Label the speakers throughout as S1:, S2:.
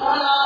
S1: ولا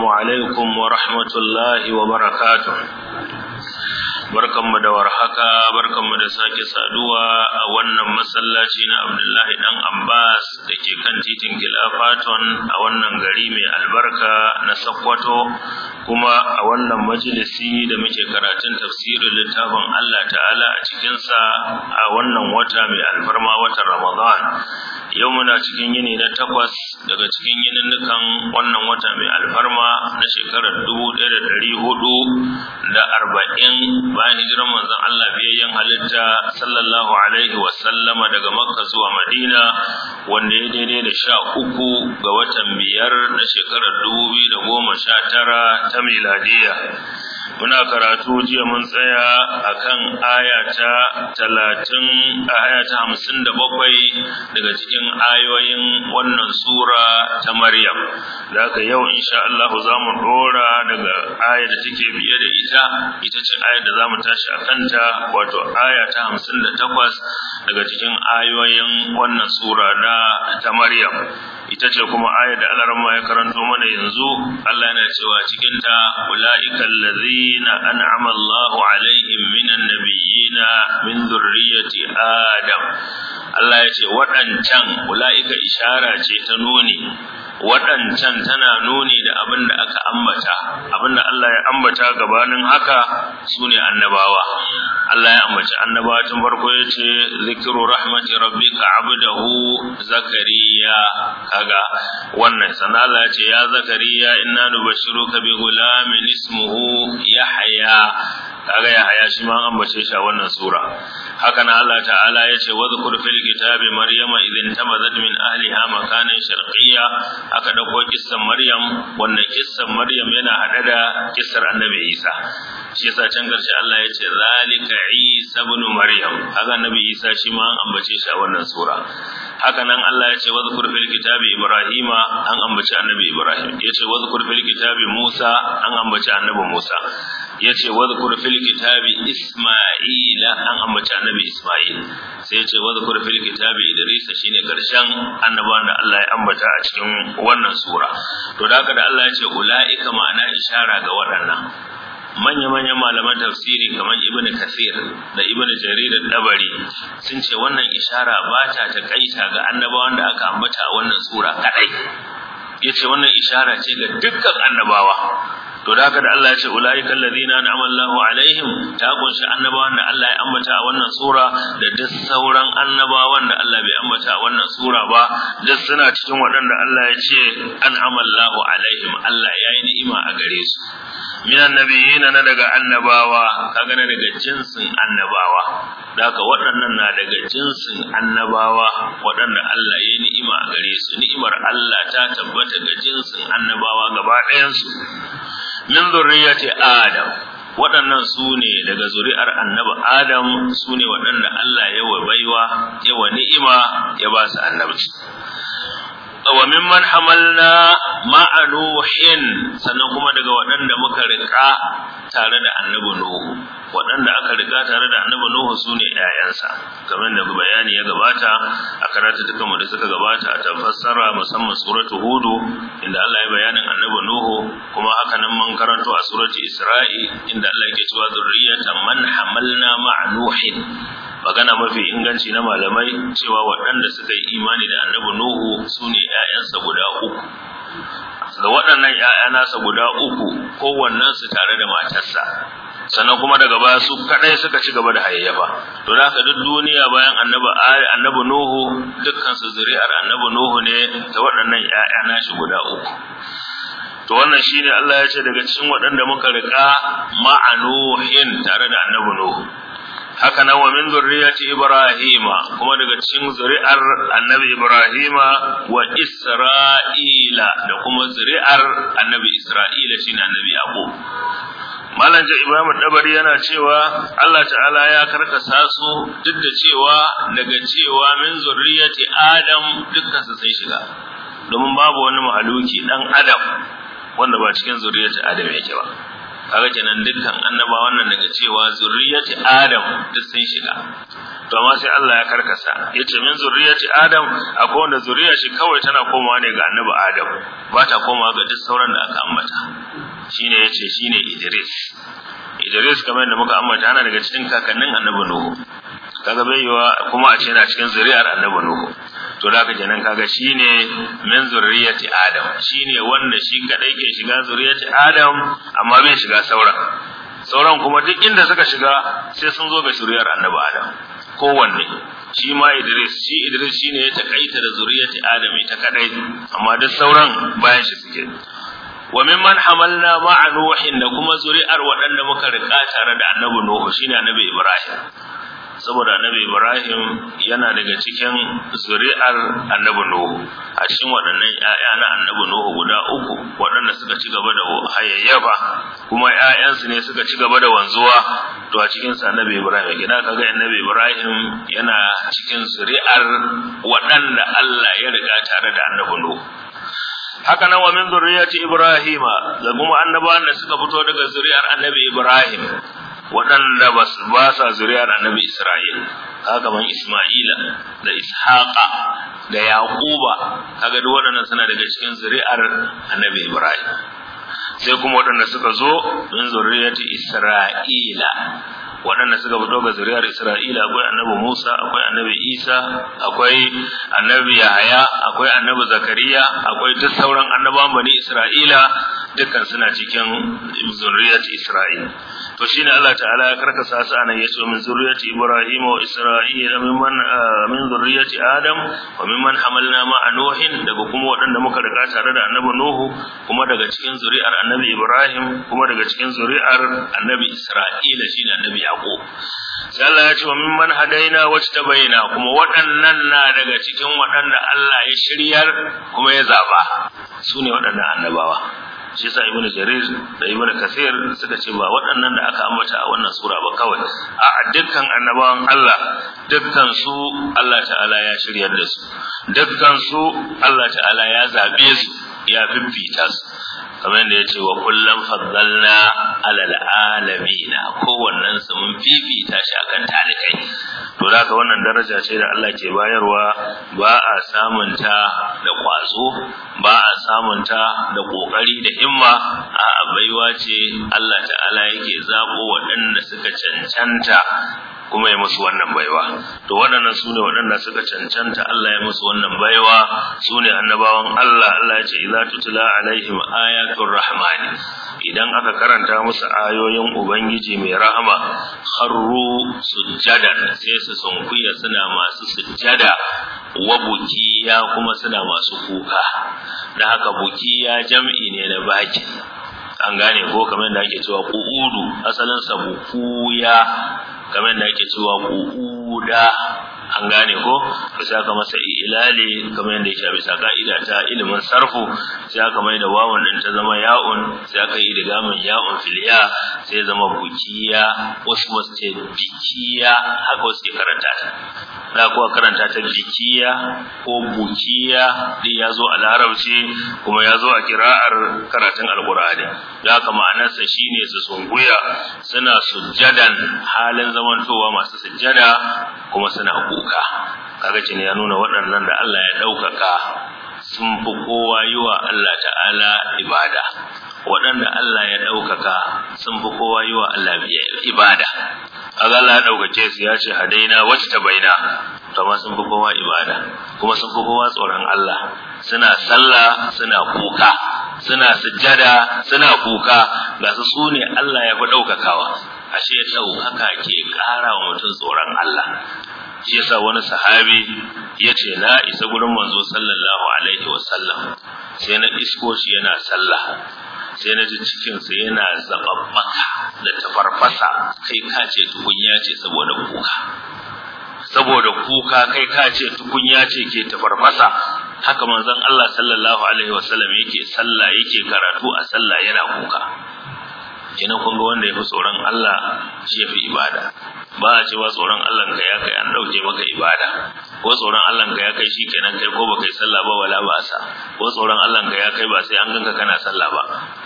S2: Assalamu alaikum wa rahmatullahi wa barakatu. Barkanmu da warhaka, barkanmu da sake saduwa a wannan masallaci na Abdullahi dan Abbas da ke kan titin Gilafaton a wannan gari mai albarka na Sokoto kuma a wannan majalisi da muke karatun tafsirin littafin Allah ta'ala a cikinsa a wannan wata mai alfarma watan Ramadan yau muna cikin yini na takwas daga cikin yininnukan wannan wata mai alfarma na shekarar dubu ɗaya da ɗari hudu da arba'in bayan hijirar manzon Allah biyayyen halitta sallallahu alaihi wa daga Makka zuwa Madina wanda ya daidai da sha uku ga watan biyar na shekarar dubu biyu da goma sha tara ta miladiya muna karatu jiya mun tsaya akan aya ta 30 aya ta 57 daga cikin ayoyin wannan sura ta Maryam da yau insha Allah mu dora daga aya da take biye da ita ita ce aya da zamu tashi a kanta wato aya ta 58 daga cikin ayoyin wannan sura na ta Maryam ita ce kuma ayar da alarma ya karanto mana yanzu Allah yana cewa cikin ta ulaiikal ladzina an'ama Allahu alaihim minan nabiyina min dhurriyyati adam Allah ya ce waɗancan ulaiika ishara ce ta nuni waɗancan tana nuni da abin da aka ambata abin da Allah ya ambata gabanin haka sune annabawa Allah ya ambaci annabawa tun farko yace zikru rahmati rabbika abdahu zakariya kaga wannan sana Allah yace ya zakariya inna nubashiruka bi gulamin ismuhu yahya kaga yahya shi ma an ambace shi a wannan sura haka na Allah ta'ala yace wadhkur fil kitabi maryama idhin tamazat min ahliha makanan sharqiyya aka dauko kissan maryam wannan kissan maryam yana hada da kissar annabi Isa shi yasa can garshe Allah ya ce zalika Isa ibn Maryam haka nabi Isa shi ma an ambace shi a wannan sura haka nan Allah ya ce wadhkur fil kitabi Ibrahima an ambaci annabi Ibrahim ya ce wadhkur fil kitabi Musa an ambaci annabi Musa ya ce wadhkur fil kitabi Isma'ila an ambaci annabi Isma'il sai ya ce wadhkur fil kitabi Idris shine karshen annaban da Allah ya ambata a cikin wannan sura to da haka da Allah ya ce ulaika ma'ana ishara ga waɗannan manya-manyan malaman tafsiri kamar ibn kasir da ibn jarir dabari sun ce wannan ishara ba ta takaita ga annabawan da aka ambata a wannan sura kadai yace wannan ishara ce ga dukkan annabawa to da haka da Allah ya ce ulaika ladina an'ama Allahu alaihim ta kunshi annabawan da Allah ya ambata a wannan sura da duk sauran annabawan da Allah bai ambata a wannan sura ba duk suna cikin waɗanda Allah ya ce an'ama Allahu alaihim Allah ya yi ni'ima a gare su min annabiyina na daga annabawa kaga na daga jinsin annabawa da haka waɗannan na daga jinsin annabawa waɗanda Allah ya yi ni'ima a gare su ni'imar Allah ta tabbata ga jinsin annabawa gaba ɗayansu min zurriyati adam waɗannan su ne daga zuri'ar annabi adam su ne waɗanda Allah ya wa baiwa ya wa ni'ima ya ba su annabci wa mimman hamalna ma nuhin sannan kuma daga waɗanda muka rika tare da annabi nuhu waɗanda aka rika tare da annabi nuhu sune ƴaƴansa kamar da bayani ya gabata a karatu duka mu da suka gabata a tafassara musamman suratu hudu inda Allah ya bayani annabi nuhu kuma haka nan mun karanto a suratu isra'i inda Allah yake cewa zurriyatan man hamalna ma nuhin magana mafi inganci na malamai cewa waɗanda suka yi imani da annabi nuhu su ne ‘ya'yansa guda uku da waɗannan ‘ya'ya guda uku kowannensu tare da matarsa sannan kuma daga baya su kaɗai suka ci gaba da hayayyafa to da ka duk duniya bayan annabi annabi nuhu dukkan su zuri'ar annabi nuhu ne da waɗannan ƴaƴa nashi guda uku to wannan shine Allah ya ce daga cikin waɗanda muka riƙa ma'anuhin tare da annabi nuhu haka nan wa min zurriyati ibrahima kuma daga cikin zuri'ar annabi ibrahima wa isra'ila da kuma zuri'ar annabi isra'ila shine annabi yaqub Malam Imam Dabari yana cewa Allah Ta'ala ya karkasa su duk da cewa daga cewa min zurriyati Adam dukkan su sai shiga domin babu wani mahaluki dan Adam wanda ba cikin zuriyar Adam yake ba kaga kenan dukkan annaba wannan daga cewa zurriyati adam duk sun shiga to amma sai Allah ya karkasa yace min zurriyati adam akwai wanda zuriya shi kawai tana komawa ne ga annabi adam ba ta komawa ga duk sauran da aka ambata shine yace shine Idris Idris kamar da muka ambata ana daga cikin kakannin annabi Nuhu kaga bai yiwa kuma a ce yana cikin zuriyar annabi Nuhu to da ka kenan kaga shine min zurriyati adam shine wanda shi kadai ke shiga zurriyati adam amma bai shiga sauran sauran kuma duk inda suka shiga sai sun zo ga zuriyar annabi adam kowanne shi ma Idris shi Idris shine ya takaita da zurriyati adam ita kadai amma duk sauran bayan shi suke wa mimman hamalna ma'a nuhin da kuma zuri'ar waɗanda muka riƙa tare da annabi nuhu shine annabi ibrahim saboda annabi Ibrahim yana daga cikin zuri'ar annabi Nuhu a cikin waɗannan ƴaƴa na annabi Nuhu guda uku waɗanda suka ci gaba da hayayyafa kuma ƴaƴansu ne suka ci gaba da wanzuwa to a cikin sa annabi Ibrahim kina kaga annabi Ibrahim yana cikin zuri'ar waɗanda Allah ya riga tare da annabi Nuhu haka nan wa min zurriyati ibrahima da kuma annabawan da suka fito daga zuri'ar annabi ibrahim waɗanda ba sa zuriyar annabi Isra'il kaga man Isma'ila da Ishaqa da Yaquba kaga duk waɗannan suna daga cikin zuriyar annabi Ibrahim sai kuma waɗanda suka zo min zuriyati Isra'ila waɗanda suka fito ga zuriyar Isra'ila akwai annabi Musa akwai annabi Isa akwai annabi Yahaya akwai annabi Zakariya akwai duk sauran annabawan bani Isra'ila dukkan suna cikin zurriyat Isra'il to shine Allah ta'ala ya karkasa su anan yace min zurriyat Ibrahim wa Isra'il mimman ah, min zurriyat Adam wa min man hamalna ma Nuhin daga kuma waɗanda muka riga tare da Annabi Nuhu kuma daga cikin zuri'ar Annabi Ibrahim kuma daga cikin zuri'ar Annabi Isra'il shine Annabi Yaqub sai Allah ya ce wa min man hadaina wa tabaina kuma waɗannan na daga cikin waɗanda Allah ya shiryar kuma ya zaba sune waɗannan annabawa shi yasa ibnu jarir da ibnu kasir suka ce ba waɗannan da aka ambata a wannan sura ba kawai a dukkan annabawan Allah dukkan su Allah ta'ala ya shiryar da su dukkan su Allah ta'ala ya zabe su ya bibbita su kamar da ce wa kullum na alal na kowannen su mun fifita shi akan talikai to ka wannan daraja ce da Allah ke bayarwa ba a samun ta da kwazo ba a samun ta da kokari da himma a baiwa ce Allah ta'ala yake zabo waɗanda suka cancanta kuma ya musu wannan baiwa to waɗannan su ne waɗanda suka cancanta Allah ya musu wannan baiwa su ne annabawan Allah Allah ya ce idza tutla alaihim ayatul rahmani idan aka karanta musu ayoyin ubangiji mai rahama kharru sujada sai su sunkuya suna masu sujada wa bukiya kuma suna masu kuka da haka bukiya jam'i ne na baki an gane ko kamar da ake cewa ku'udu asalin sa bukuya kamar da ake cewa kuda an gane ko ka sai masa ilali kamar yadda yake bisa ka'ida ta ilimin sarfu sai aka mai da wawan din ta zama ya'un sai aka yi da gamin ya'un filiya sai ya zama bukiya wasu wasu ce bikiya haka wasu ke karanta ta da kuwa karanta ta bikiya ko bukiya din ya zo a larabci kuma ya zo a kira'ar karatun alkur'ani da haka ma'anarsa ne su sunguya suna sujjadan halin zamantowa masu sujjada kuma suna kuka kaga ne ya nuna waɗannan da Allah ya ɗaukaka sun fi kowa yi wa Allah ta'ala ibada waɗanda Allah ya ɗaukaka sun fi kowa yi wa Allah ibada kaga Allah ya ɗaukace su ya ce hadaina wacce ta baina ma sun fi kowa ibada kuma sun fi kowa tsoron Allah suna sallah suna kuka suna sujjada suna kuka ga su su ne Allah ya fi ɗaukakawa ashe ɗaukaka ke ƙara wa mutum tsoron Allah shi yasa wani sahabi ya ce na isa gurin manzo sallallahu alaihi wa sallam sai na isko shi yana sallah sai na ji cikinsa yana zaɓaɓɓaka da tafarfasa kai ka ce tukunya ce saboda kuka saboda kuka kai ka ce tukunya ce ke tafarfasa haka manzon Allah sallallahu alaihi wa sallam yake sallah yake karatu a sallah yana kuka kenan kun ga wanda ya fi tsoron Allah shi ya fi ibada ba a cewa tsoron Allah ka ya kai an dauke maka ibada ko tsoron Allah ka ya kai shi kenan kai ko baka yi sallah ba wala ba sa ko tsoron Allah ka ya kai ba sai an ganka kana sallah ba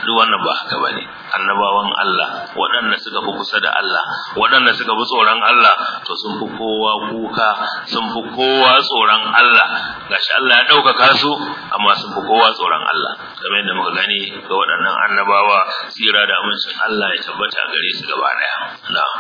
S2: duk wannan ba haka bane annabawan Allah waɗanda suka fi kusa da Allah waɗanda suka fi tsoron Allah to sun fi kowa kuka sun fi kowa tsoron Allah gashi Allah ya ɗaukaka su amma sun fi kowa tsoron Allah kamar yadda muka gani ga waɗannan annabawa tsira da amincin Allah ya tabbata gare su gaba ɗaya na'am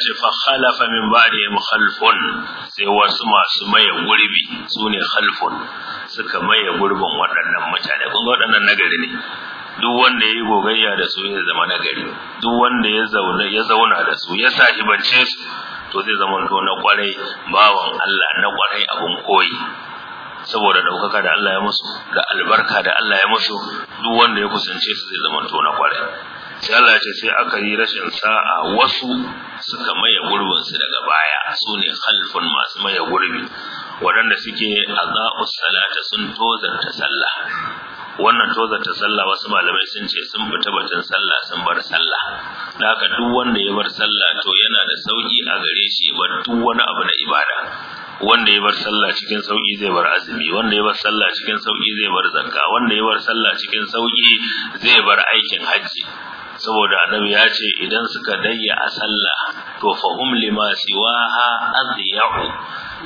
S2: ce fa khalafa min ba'dihim khalfun sai wasu masu maye gurbi sune khalfun suka maye gurbin waɗannan mutane kun ga waɗannan nagari ne duk wanda yayi gogayya da su ya zama nagari duk wanda ya zauna ya zauna da su ya sahibance su to zai zama to na kwarai bawan Allah na kwarai abun koyi saboda daukaka da Allah ya musu da albarka da Allah ya musu duk wanda ya kusance su zai zama to na kwarai sai ce sai aka yi rashin sa'a wasu suka maye gurbin daga baya su ne khalfun masu maye gurbi waɗanda suke azau salata sun tozarta sallah wannan tozarta sallah wasu malamai sun ce sun fita batun sallah sun bar sallah da haka duk wanda ya bar sallah to yana da sauki a gare shi ba duk wani abu na ibada wanda ya bar sallah cikin sauki zai bar azumi wanda ya bar sallah cikin sauki zai bar zakka wanda ya bar sallah cikin sauki zai bar aikin hajji saboda annabi ya ce idan suka dayya a sallah to hum lima siwaha adhiyahu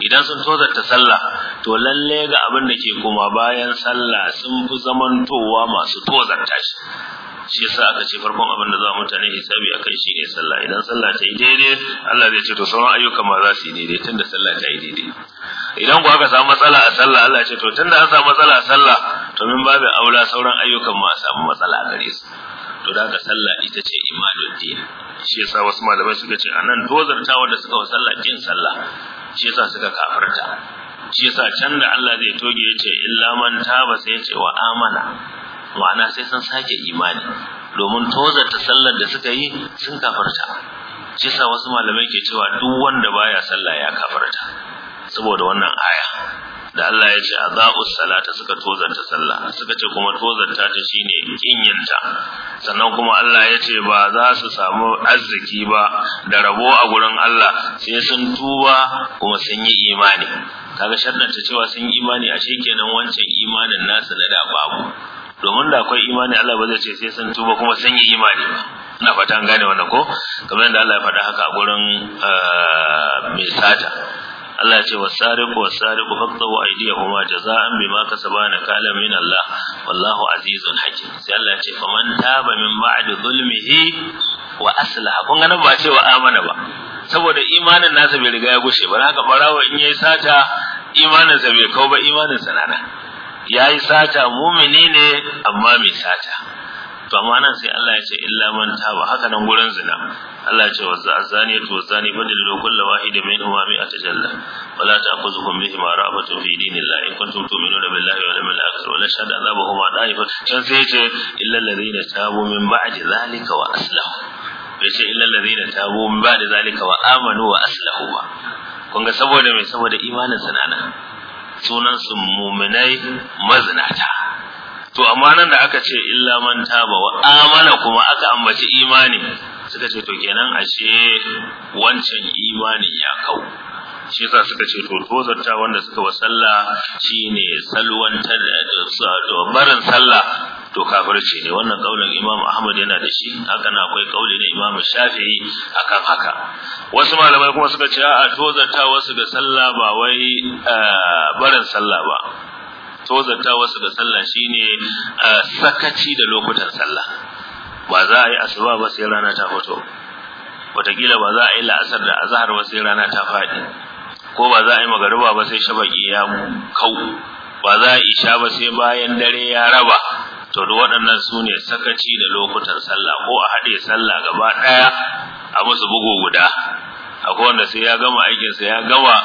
S2: idan sun tozarta sallah to lalle ga abin da ke kuma bayan sallah sun fi zamantowa masu tozarta shi shi yasa aka ce farkon abin da za mutane hisabi a kai shi ne sallah idan sallah ta yi daidai Allah zai ce to sauran ayyuka ma za su yi daidai tunda sallah ta yi daidai idan ku aka samu matsala a sallah Allah ya ce to tunda an samu matsala a sallah to min babu aula sauran ayyukan ma samu matsala a gare su to da ka sallah ita ce imanul din shi yasa wasu malamai suka ce anan dozartawa da suka wa sallah kin sallah shi yasa suka kafarta shi yasa can da Allah zai toge yace illa man taba sai yace wa amana ma'ana sai sun sake imani domin tozarta sallar da suka yi sun kafarta shi yasa wasu malamai ke cewa duk wanda baya sallah ya kafarta saboda wannan aya da Allah ya ce aza'us salata suka tozanta sallah suka ce kuma tozanta ta shine kinyanta sannan kuma Allah ya ce ba za su samu arziki ba da rabo a gurin Allah sai sun tuba kuma sun yi imani kaga sharɗan ta cewa sun yi imani a kenan wancan imanin nasu na da babu domin da akwai imani Allah ba zai ce sai sun tuba kuma sun yi imani ba na fatan gane wannan ko kamar da Allah ya faɗa haka a gurin eh, mai sata Allah ya ce wasariqu wasariqu faqtahu aydiyahuma jazaan bima kasaba kala min Allah wallahu azizun hakim sai Allah ya ce faman taba min ba'di zulmihi wa aslaha kun ga nan ba ce wa amana ba saboda imanin nasa bai riga ya gushe ba haka barawa in yayi sata imanin sa bai kau ba imanin sa nana yayi sata mumini ne amma mai sata to amma nan sai Allah ya ce illa man taba haka nan gurin zina Allah ce wa zaniya to zani badilu kullu wahid minhuma mi'ata jalla wala ta'khudhukum bihima ra'fatun fi dinillahi in kuntum tu'minuna billahi wal yawmil akhir wala shahada azabahuma da'ifat can sai ce illa alladhina tabu min ba'di zalika wa aslahu yace illa alladhina tabu min ba'di zalika wa amanu wa aslahu ba kun ga saboda mai saboda imanin sanana sunan su mu'minai mazinata to amma nan da aka ce illa man taba wa amana kuma aka ambaci imani suka ce to kenan ashe wancan imanin ya kau shi yasa suka ce to tozarta wanda suka wa sallah shine ta da barin sallah to kafirci ne wannan kaulin Imam Ahmad yana da shi haka na akwai kauli na Imam Shafi'i akan haka wasu malamai kuma suka ce a tozarta wasu ga sallah ba wai eh, barin sallah ba tozarta wasu ga sallah shine eh, sakaci da lokutan sallah ba za a yi asuba ba sai rana ta fito wataƙila ba za a yi la'asar da azahar ba sai rana ta faɗi ko ba za a yi magariba ba sai shabaki ya kau ba za a isha ba sai bayan dare ya raba to duk waɗannan su ne sakaci da lokutan sallah ko a haɗe sallah gaba ɗaya a musu bugu guda akwai wanda sai ya gama aikinsa ya gama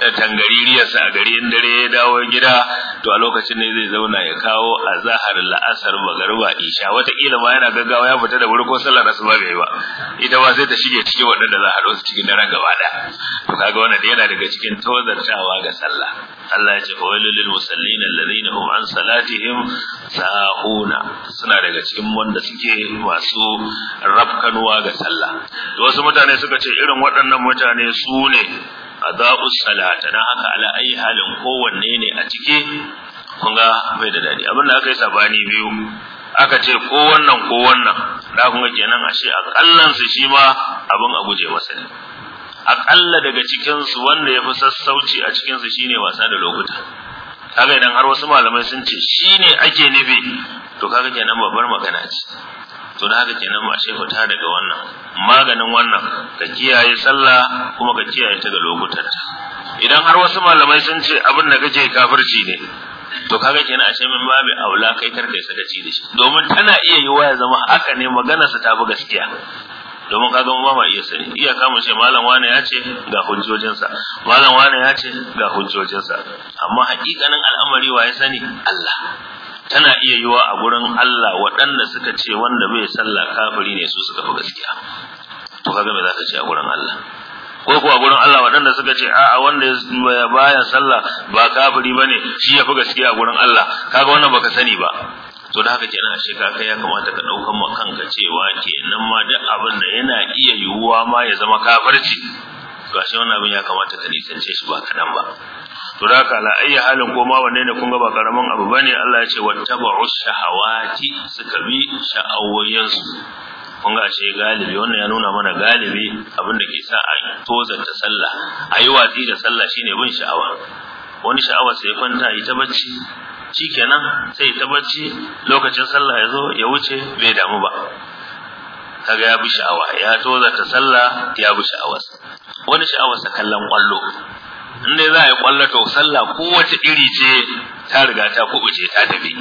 S2: tangaririyarsa a gari in dare ya dawo gida to a lokacin ne zai zauna ya kawo a zahar la'asar magariba isha wataƙila ma yana gaggawa ya fita da wuri ko sallar asuba bai ba ita ba sai ta shige cikin waɗanda za a haɗo su cikin daren gaba da to kaga wannan yana daga cikin tozartawa ga sallah Allah ya ce fa wailul lil musallin alladhina hum an salatihim sahuna suna daga cikin wanda suke masu rafkanuwa ga sallah to wasu mutane suka ce irin waɗannan mutane su ne qada'us salata dan haka ala ayi halin kowanne ne a cike kun ga bai da dadi abin da aka yi sabani biyu aka ce ko wannan ko wannan da kun ga kenan ashe akallan su shi ma abin a guje masa ne akalla daga cikin su wanda fi sassauci a cikin su shine wasa da lokuta kaga idan har wasu malamai sun ce shine ake nufi to kaga kenan babbar magana ce to da haka kenan ashe ta daga wannan maganin wannan ka kiyaye sallah kuma ka kiyaye ta ga lokutan idan har wasu malamai sun ce abin da kake kafirci ne to kaga kenan ashe min babu aula kai kar kai sakaci da shi domin tana iya yi ya zama haka ne magana sa tafi gaskiya domin kaga mu ba ma iya sani iya mu ce malam wane ya ce ga hujjojinsa malam wane ya ce ga hujjojinsa amma hakikanin al'amari wa sani
S1: Allah
S2: tana iya yiwa a gurin Allah waɗanda suka ce wanda bai sallah kafiri ne su suka fi gaskiya to kaga me zaka ce a gurin Allah ko kuwa gurin Allah waɗanda suka ce a'a wanda ya baya sallah ba kafiri bane shi ya fi gaskiya a gurin Allah kaga wannan baka sani ba to da haka kenan ashe ka kai ya kamata ka daukan ma kanka cewa kenan ma duk abin da yana iya yiwuwa ma ya zama kafirci to ashe wannan abin ya kamata ka nisance shi ba kadan ba to da ka la'ayya halin koma wanne ne kun ga ba karamin abu bane Allah ya ce wattaba'u shahawati suka bi su kun ga ce galibi wannan ya nuna mana galibi abin da ke sa a ta sallah a yi da sallah shine bin sha'awa wani sha'awa sai kwanta ita bacci shikenan sai ta bacci lokacin sallah ya zo ya wuce bai damu ba kaga ya bi sha'awa ya ta sallah ya bi sha'awa wani sa kallon kwallo in dai za a yi kwallo to sallah kowace iri ce ta riga ta kubuce ta tafi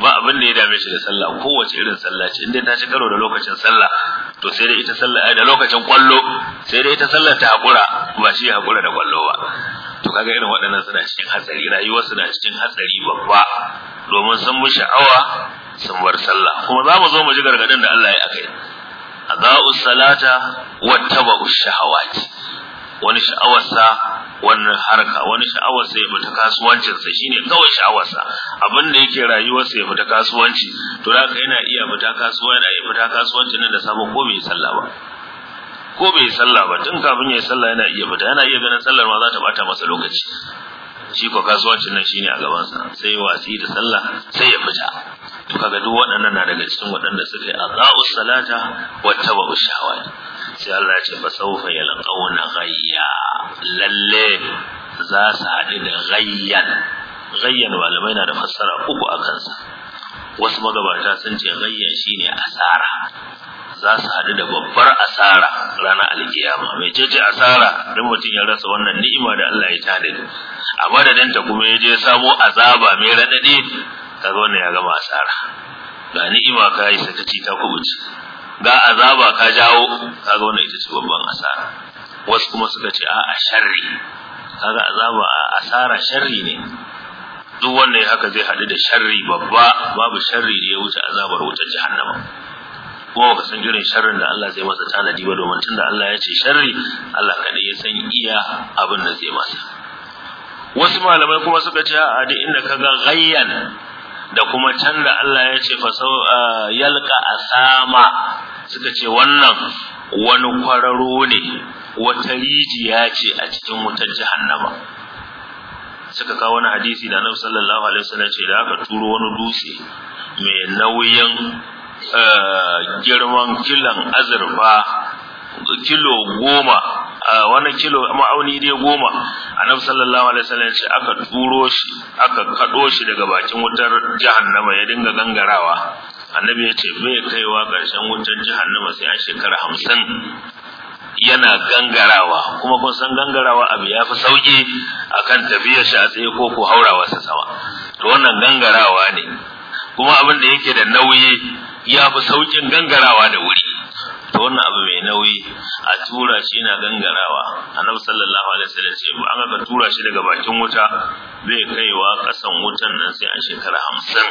S2: ba abin da ya dame shi da sallah kowace irin sallah ce in ta ci karo da lokacin sallah to sai dai ita sallah eh, da lokacin kwallo sai dai ita sallah ta hakura ba shi hakura da kwallo ba to kaga irin waɗannan suna cikin hatsari rayuwar suna cikin hatsari babba domin sun bi sha'awa sun bar sallah kuma za mu zo mu ji gargadin da Allah ya akai adha'us salata wattaba'us shahawat wani sha'awarsa wani harka wani sha'awar sai ya fita kasuwancin sa shine kawai sha'awar sa abin da yake rayuwar sa ya fita kasuwanci to da ka yana iya fita kasuwa yana iya fita kasuwanci nan da sabon ko bai sallah ba ko bai sallah ba tun kafin ya yi sallah yana iya fita yana iya ganin sallar ma za ta bata masa lokaci shi ko kasuwancin nan shine a gaban sa sai watsi da sallah sai ya fita to kaga duk waɗannan na daga cikin waɗanda suka yi azau salata wa tabu shawai sai Allah ya ce saufa ya laƙauna ghayya lalle za su haɗu da ghayyan ghayyan malamai na da fassara uku a kansa wasu magabata sun ce ghayyan shine asara za su haɗu da babbar asara ranar alkiyama mai cece asara don mutum ya rasa wannan ni'ima da Allah ya tanadi a madadinta kuma ya je samo azaba mai raɗaɗi kaga wannan ya gama asara ga ni'ima ka yi sakaci ta kubuci ga azaba ka jawo ka ga wannan ita ce babban asara wasu kuma suka ce a'a sharri ga azaba a asara sharri ne duk wanda ya haka zai haɗu da sharri babba babu sharri da ya wuce azabar wuce jahannama kuma ba san jirin sharrin da Allah zai masa tanadi ba domin tunda Allah ya ce sharri Allah kaɗai ya san iya abin da zai masa wasu malamai kuma suka ce a duk inda ga gayyan da kuma can da Allah ya ce fa yalqa asama suka ce wannan wani kwararo ne wata rijiya ce a cikin wutar jahannama suka kawo wani hadisi da annabi sallallahu alaihi wasallam ce da aka turo wani dutse mai nauyin eh, girman kilan azurfa kilo goma eh, wani kilo ma'auni dai goma annabi sallallahu alaihi wasallam ce aka turo shi aka kado shi daga bakin wutar jahannama ya dinga gangarawa annabi ya ce bai kaiwa ƙarshen wutar jahannama sai a shekara hamsin yana gangarawa kuma kun san gangarawa abu ya fi sauƙi kan tafiyar shi a tsaye ko ko haurawa sa sama to wannan gangarawa ne kuma abin da yake da nauyi ya fi sauƙin gangarawa da wuri to wannan abu mai nauyi a tura shi yana gangarawa annabi sallallahu alaihi wasallam ce ba an ga tura shi daga bakin wuta bai kaiwa kasan wutan nan sai a shekara hamsin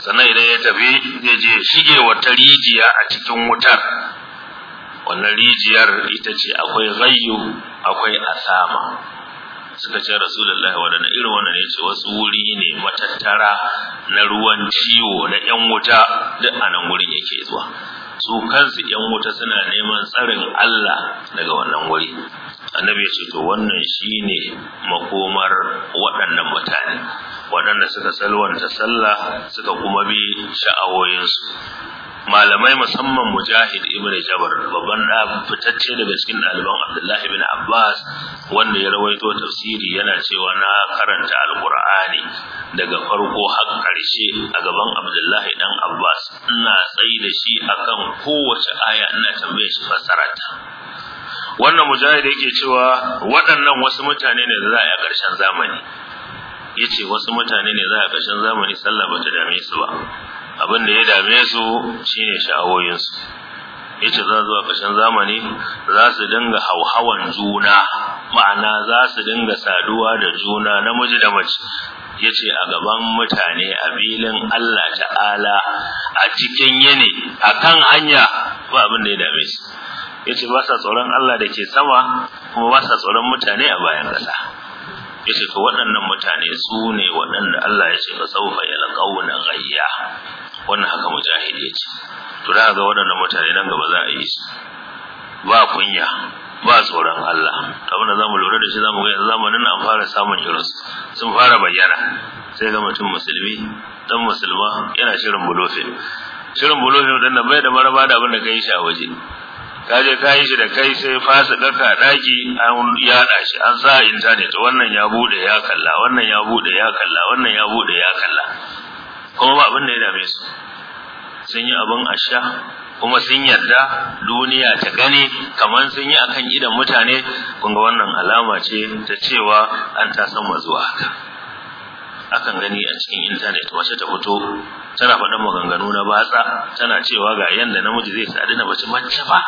S2: sannan idan ya tafi zai je shige wata rijiya a cikin wutar wannan rijiyar ita ce akwai rayu akwai asama suka ce rasulullahi wadana irin wannan ya ce wasu wuri ne matattara na ruwan ciwo na yan wuta duk a nan wurin yake zuwa su kansu yan wuta suna neman tsarin Allah daga wannan wuri annabi ya ce to wannan shine makomar waɗannan mutane waɗanda suka salwanta sallah suka kuma bi sha'awoyinsu malamai musamman mujahid ibn jabar babban da fitacce daga cikin ɗaliban abdullahi ibn abbas wanda ya rawaito tafsiri yana cewa na karanta alqur'ani daga farko har ƙarshe a gaban abdullahi dan abbas ina tsayi da shi akan kowace aya ina tambaye shi fassarata wannan mujahid yake cewa waɗannan wasu mutane ne da za a yi a ƙarshen zamani yace wasu mutane ne za a kashin zamani sallah ba ta dame su ba abin da ya dame su shine sha'awoyinsu yace za zuwa kashin zamani za su dinga hauhawan juna ma'ana za su dinga saduwa da juna namiji da mace yace a gaban mutane a filin Allah ta'ala a cikin yini akan hanya ba abin da ya dame su yace ba sa tsoron Allah da ke sama kuma ba sa tsoron mutane a bayan ƙasa yace to waɗannan mutane su ne waɗanda Allah ya ce ya yalqawna ghayya wannan haka mujahidi yace to da ga waɗannan mutane nan gaba za a yi su ba kunya ba tsoron Allah abin da zamu lura da shi zamu ga zamanin an fara samun irin sun fara bayyana sai ga mutum musulmi dan musulma yana shirin bulofin shirin bulofin dan bai da maraba da abin da kai shi a waje ka je ka yi shi da kai sai fasa daka daki an yada shi an sa internet wannan ya bude ya kalla wannan ya bude ya kalla wannan ya bude ya kalla kuma ba abin da ya dame su sun yi abin asha kuma sun yarda duniya ta gane kamar sun yi akan idan mutane kun ga wannan alama ce ta cewa an ta san zuwa haka akan gani a cikin intanet wace ta fito tana faɗin maganganu na batsa tana cewa ga yanda namiji zai sadu na bace mace ba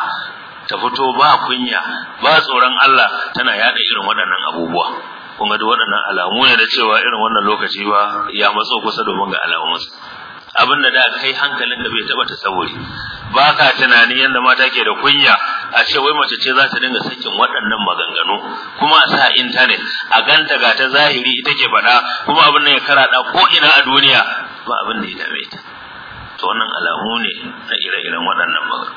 S2: ta fito ba kunya ba tsoron Allah tana yada irin waɗannan abubuwa kun ga waɗannan alamu ne da cewa irin wannan lokaci ba ya matso kusa domin ga alamunsa abin da da kai hankalin da bai taba ta ba ka tunani yadda mata ke da kunya a ce wai mace ce za ta dinga sakin waɗannan maganganu kuma a sa intanet a ganta ga ta zahiri ita ke faɗa kuma abin nan ya karaɗa ko ina a duniya ba abin da ya dame ta to wannan alamu ne na ire-iren waɗannan magana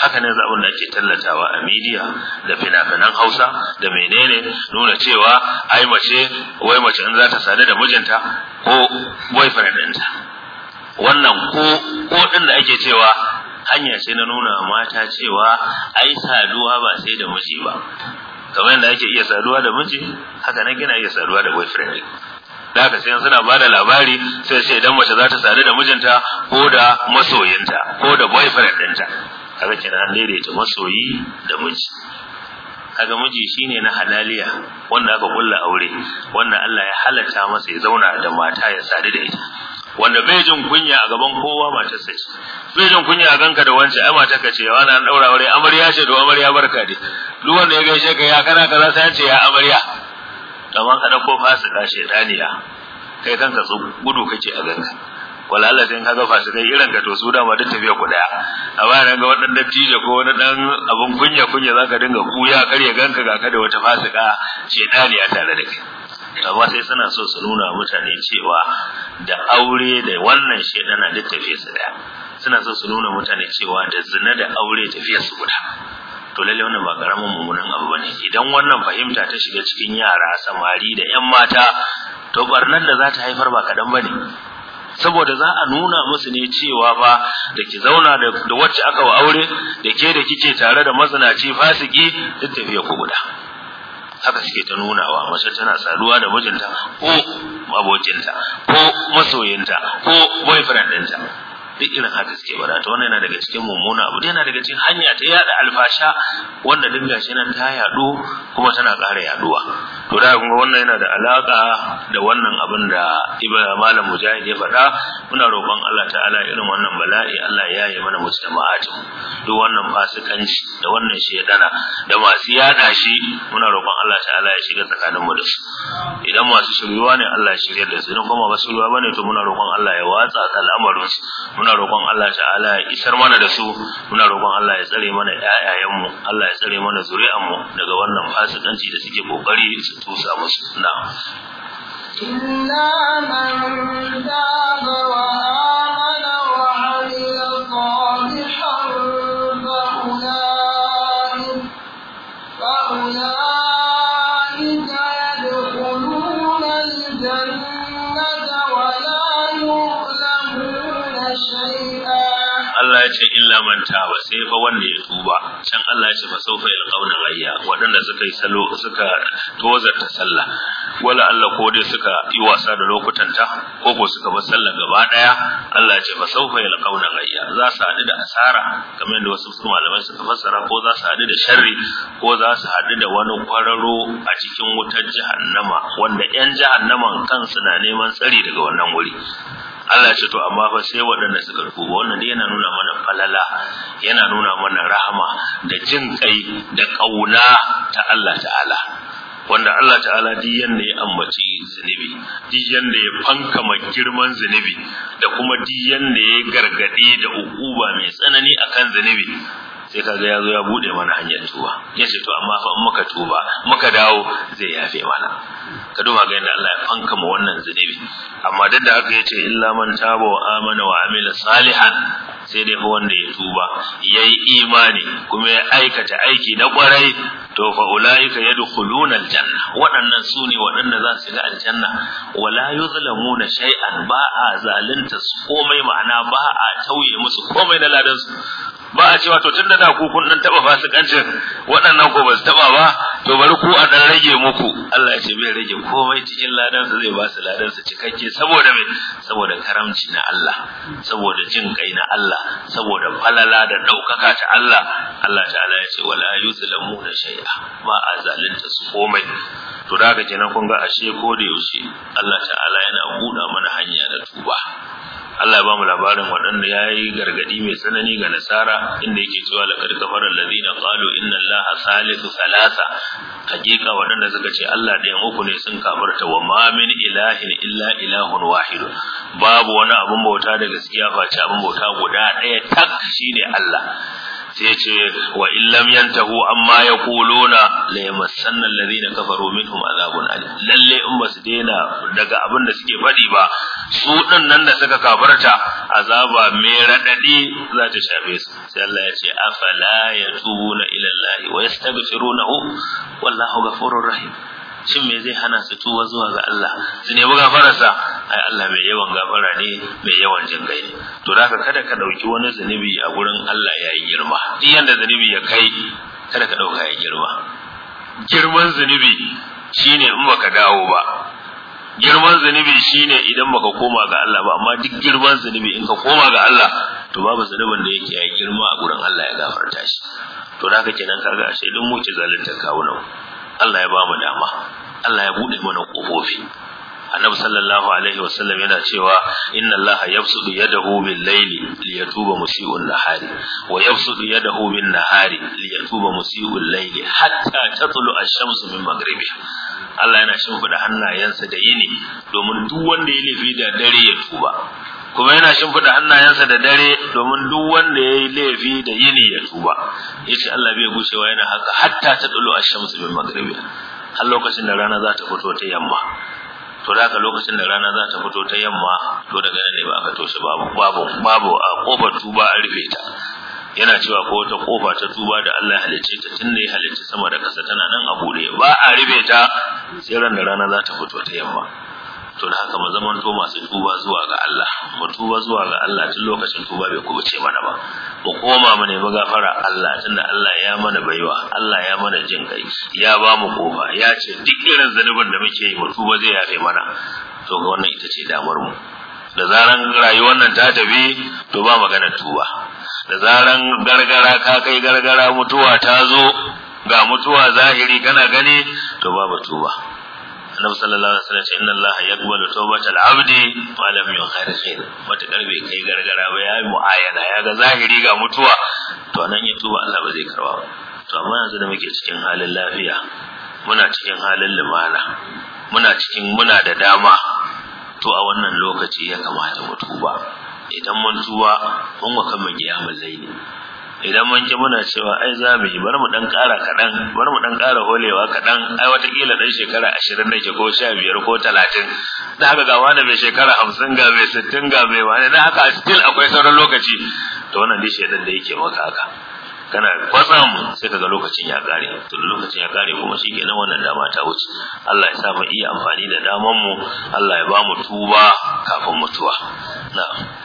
S2: haka ne zaɓin da ake tallatawa a media da fina-finan hausa da menene nuna cewa ai mace wai mace in za ta sadu da mijinta ko boyfriend ɗinta wannan ko ko ɗin da ake cewa hanya ce na nuna mata cewa ai saduwa ba sai da miji ba kamar yadda ake iya saduwa da miji haka na gina iya saduwa da boyfriend da haka sai suna ba da labari sai sai idan mace za ta sadu da mijinta ko da masoyinta ko da boyfriend ɗinta kaga kenan an daidaita masoyi da miji kaga miji shine na halaliya wanda aka kulla aure wanda Allah ya halatta masa ya zauna da mata ya sadu da ita wanda bai jin kunya a gaban kowa matar sa ce bai jin kunya a ganka da wancan ai matar ka ce wani an daura aure amarya ce to amarya barka dai duk wanda ya
S1: gaishe ka ya kana kaza sai ya ce ya amarya
S2: kamar ka ko fasika shedaniya kai kanka su gudu kake a ganka walala sai kaga fasika irin ka to su da ma duk tafiya ku daya a bayan ga wadannan dattijo ko wani dan abun kunya kunya zaka dinga kuya karya ganka ga ka da wata fasika shedaniya tare da kai amma sai suna so su nuna mutane cewa da aure da wannan shedana duk tafiya su daya suna so su nuna mutane cewa da zina da aure tafiya su guda to lalle wannan ba karamin mummunan abu bane idan wannan fahimta ta shiga cikin yara samari da ƴan mata to barnan da za ta haifar ba kadan bane saboda za a nuna musu ne cewa ba da ki zauna da wacce aka wa aure da ke da kike tare da mazinaci fasiki duk tafiya ku guda haka suke ta nunawa mace tana saduwa da mijinta ko abokinta ko masoyinta ko boyfriend ɗinta duk irin haka suke ta wannan yana daga cikin mummuna abu yana daga cikin hanya ta yada alfasha wanda duk gashi nan ta yadu kuma tana ƙara yaduwa to da kun ga wannan yana da alaka da wannan abin da ibn malam mujahid ya faɗa muna roƙon Allah ta'ala irin wannan bala'i Allah ya yi mana mujtama'atin duk wannan fasikanci da wannan shedana da masu yada shi muna roƙon Allah ta'ala ya shiga tsakanin mu da su idan masu shiryuwa ne Allah ya shirya da su idan kuma ba su ruwa bane to muna roƙon Allah ya watsa al'amarin su muna roƙon Allah ta'ala ya isar mana da su muna roƙon Allah ya tsare mana ƴaƴayenmu Allah ya tsare mana zuri'anmu daga wannan fasikanci da suke kokari su tusa musu
S1: na'am
S2: illa man taba sai fa wanda ya tuba can Allah ya ce fa sawfa yalqawna ghayya wadanda suka yi salo suka tozarta sallah wala Allah ko dai suka yi wasa da lokutan ta ko ko suka bar sallar gaba daya Allah ya ce fa sawfa yalqawna ghayya za su haɗu da asara kamar da wasu malamai suka fassara ko za su haɗu da sharri ko za su haɗu da wani kwararo a cikin wutar jahannama wanda 'yan jahannaman kansu na neman tsari daga wannan wuri Allah ya ce to amma fa sai waɗanda suka rufu wannan dai yana nuna mana falala yana nuna mana rahama da jin kai da ƙauna ta Allah ta'ala wanda Allah ta'ala duk yanda ya ambaci zunubi duk yanda ya ma girman zunubi da kuma duk yanda ya gargade da ukuba mai tsanani akan zunubi sai kaga ya zo ya bude mana hanyar tuba yace to amma fa in muka tuba muka dawo zai yafe mana ka duba ga Allah ya fanka mu wannan zunubi amma duk da haka yace illa man taba wa amana wa amila salihan sai dai fa wanda ya tuba yayi imani kuma ya aikata aiki na kwarai to fa ulaika yadkhuluna aljanna waɗannan su ne waɗanda za su ga aljanna wala yuzlamuna shay'an ba a zalunta su komai ma'ana ba a tauye musu komai na ladan su ba a cewa to tun da ku kun dan taba fasikancin waɗannan ko ba su taba ba to bari ku a dan rage muku Allah ya ce bai rage komai cikin ladan su zai ba su ladan su cikakke saboda me saboda karamci na Allah saboda jin kai na Allah saboda falala da ɗaukaka ta Allah Allah ta'ala ya ce wala na shay'a ba a zalunta su komai to da haka kenan kun ga ashe ko da yaushe Allah ta'ala yana buɗa mana hanya da tuba Allah ya bamu labarin waɗanda ya yi gargaɗi mai tsanani ga nasara inda yake cewa fara kafara alladhina qalu inna allaha salisu salasa hakika waɗanda suka ce Allah ɗayan uku ne sun ta, wa ma min ilahin illa ilahun wahid babu wani abun bauta da gaskiya face abun bauta guda ɗaya tak shine Allah sai ce wa illam yantahu amma yaquluna la yamassanna alladhina kafaru minhum azabun alim lalle in basu daina daga abin da suke faɗi ba su din nan da suka kafarta azaba mai radadi za ta shafe su sai Allah ya ce afala yatubuna ila Allah wa yastaghfirunahu wallahu ghafurur rahim shin me zai hana su tuwa zuwa ga Allah su nemi gafararsa ai Allah mai yawan gafara ne mai yawan jin gai. to da haka kada ka dauki wani zunubi a gurin Allah ya yi girma duk yanda zunubi ya kai kada ka dauka ya girma girman zunubi shine in baka dawo ba girman zunubi shine idan baka koma ga Allah ba amma duk girman zunubi in ka koma ga Allah to babu zunubin da yake yi girma a gurin Allah ya gafarta shi to da haka kenan kaga ashe duk mu ki zalunta kawunan Allah ya ba mu dama Allah ya bude mana kofofi annabi sallallahu alaihi wasallam yana cewa inna allaha ya yadahu bil layli liyatuba musii'un nahari wa yabsutu yadahu bin nahari liyatuba musii'ul layli hatta tatlu ash-shamsu min maghribiha Allah yana shimfida hannayensa da yini domin duk wanda ya nufi da dare ya tuba kuma yana shimfiɗa hannayensa da dare domin duk wanda ya yi laifi da yini ya tuba ya ce Allah bai gushewa yana haka hatta ta ɗulu a shamsu bin magribi har lokacin da rana za ta fito ta yamma to da haka lokacin da rana za ta fito ta yamma to daga nan ne ba ka toshe babu babu a kofar tuba an rufe ta yana cewa ko wata kofa ta tuba da Allah ya halicce ta tun da ya halicce sama da kasa tana nan a bude ba a rufe ta sai ran da rana za ta fito ta yamma to da haka mu zamanto to masu tuba zuwa ga Allah mu tuba zuwa ga Allah tun lokacin tuba bai kubuce mana ba mu koma mu nemi gafara Allah tunda Allah ya mana baiwa Allah ya mana jin kai ya ba mu kofa ya ce duk irin zanubin da muke yi mu tuba zai yafe mana to ga wannan ita ce damar mu da zaran rayuwar nan ta tafi to ba magana tuba da zaran gargara ka kai gargara mutuwa ta zo ga mutuwa zahiri kana gani to babu tuba annabi sallallahu alaihi wasallam inna allaha yaqbalu tawbatal abdi wa lam yukharrijh wata karbe kai gargara ba ya muayana ya ga zahiri ga mutuwa to nan ya tuba Allah ba zai karba ba to amma yanzu da muke cikin halin lafiya muna cikin halin lumana muna cikin muna da dama to a wannan lokaci ya kamata mu tuba idan mun tuba mun wa kan mu qiyamul layli idan mun ji muna cewa ai za mu yi bar mu dan ƙara kaɗan bar mu dan ƙara holewa kaɗan ai watakila dan shekara ashirin ke, ko sha biyar ko talatin da haka ga wani mai shekara hamsin ga mai sittin ga mai wani da haka still akwai sauran lokaci to wannan dai shaidan da yake maka haka kana kwatsam sai kaga lokacin ya kare to lokacin ya kare kuma shi kenan wannan dama ta wuce Allah ya sa mu iya amfani da damanmu mu Allah ya ba mu tuba kafin mutuwa na'am